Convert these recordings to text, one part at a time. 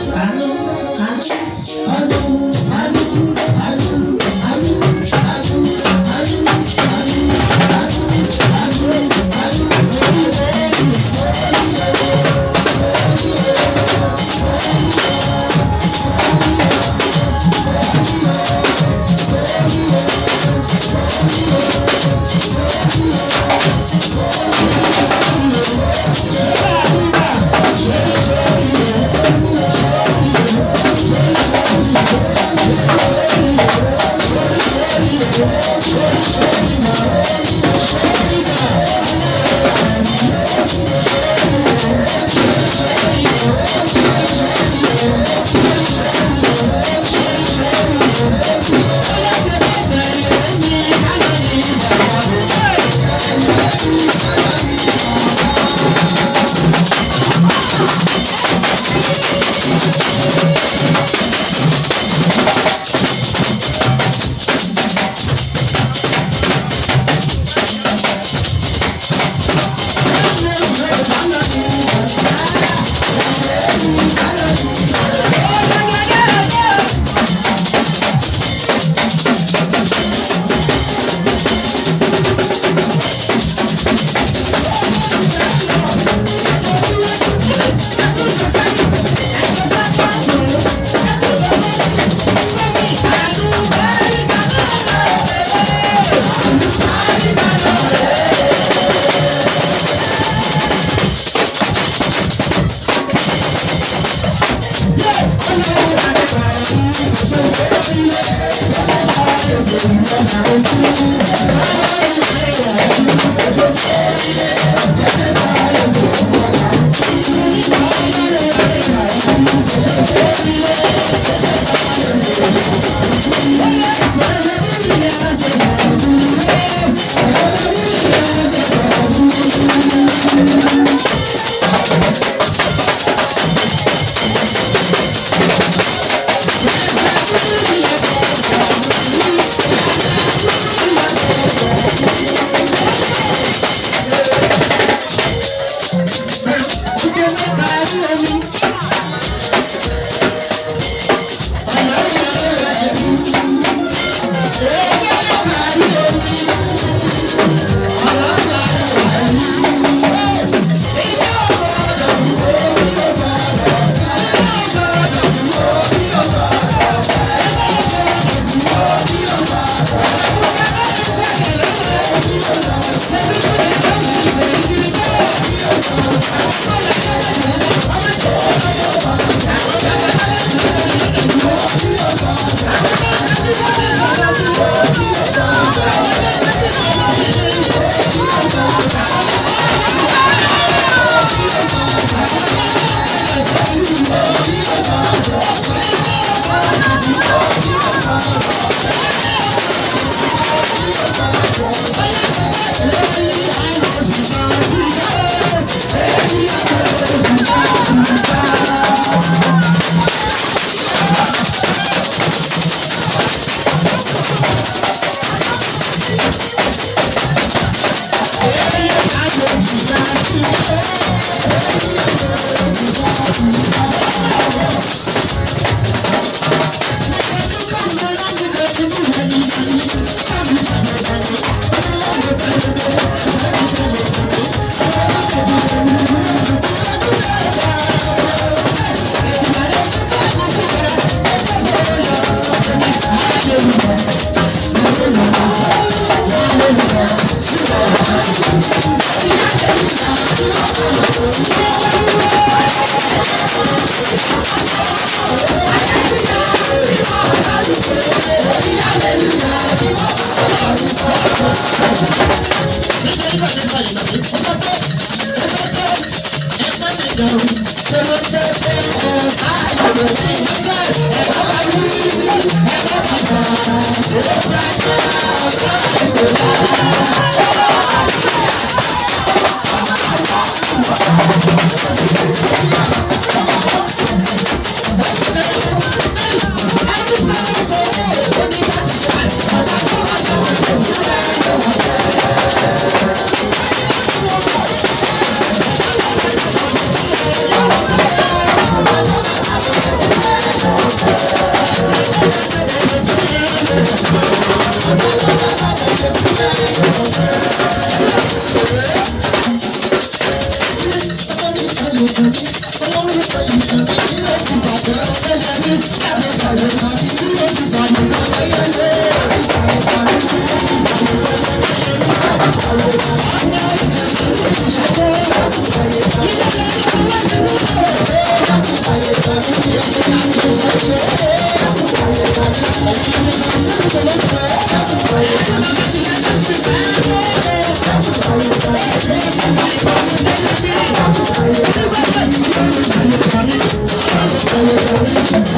I know. I know. I know. passion. Thank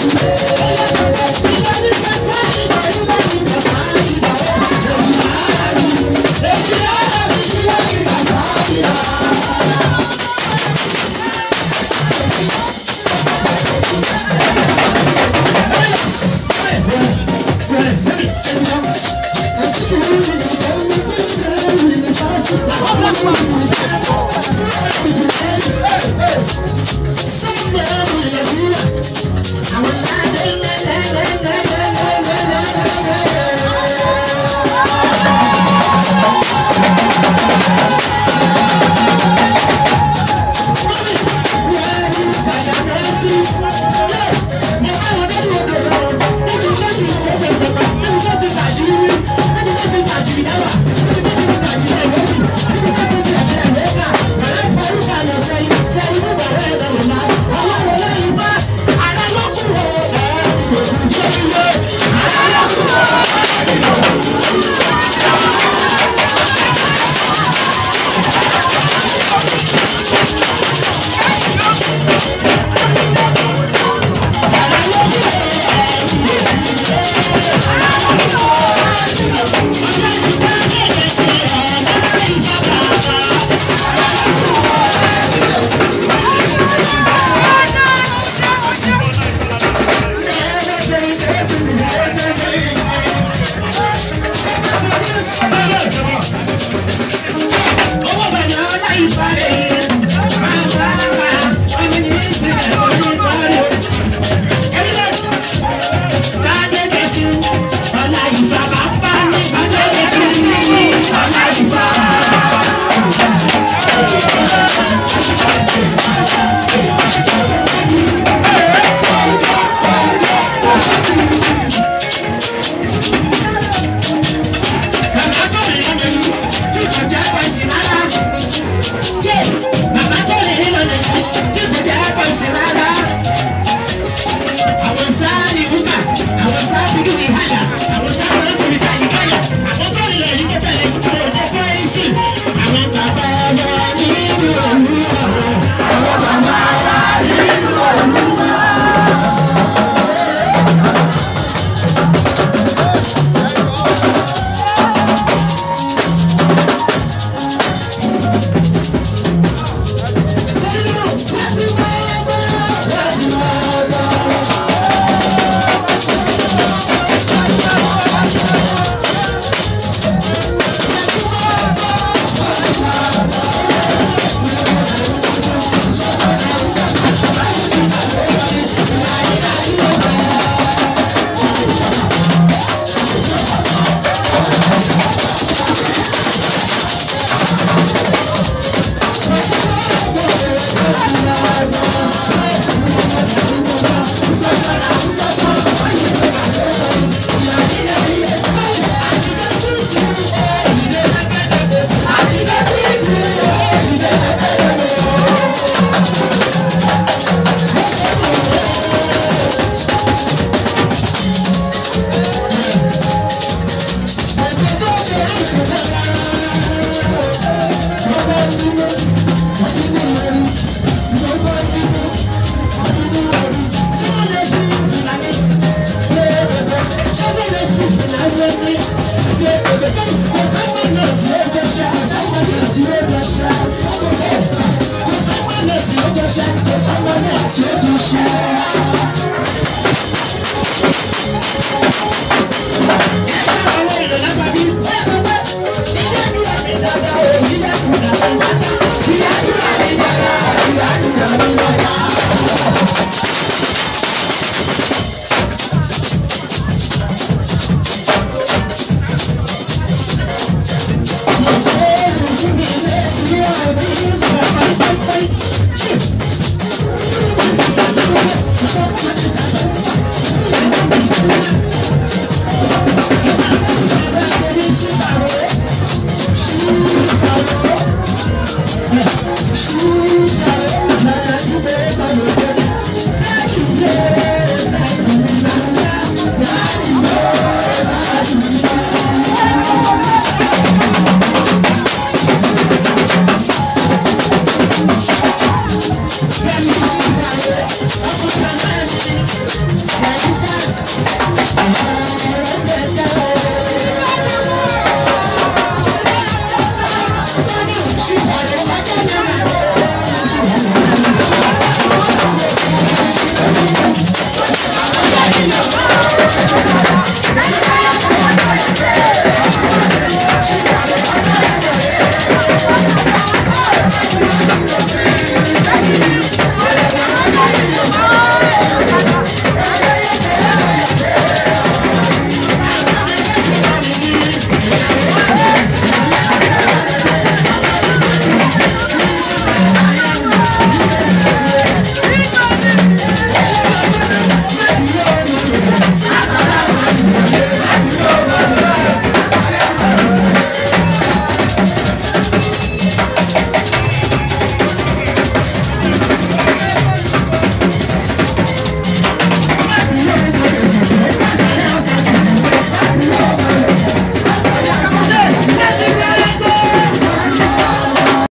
Amen.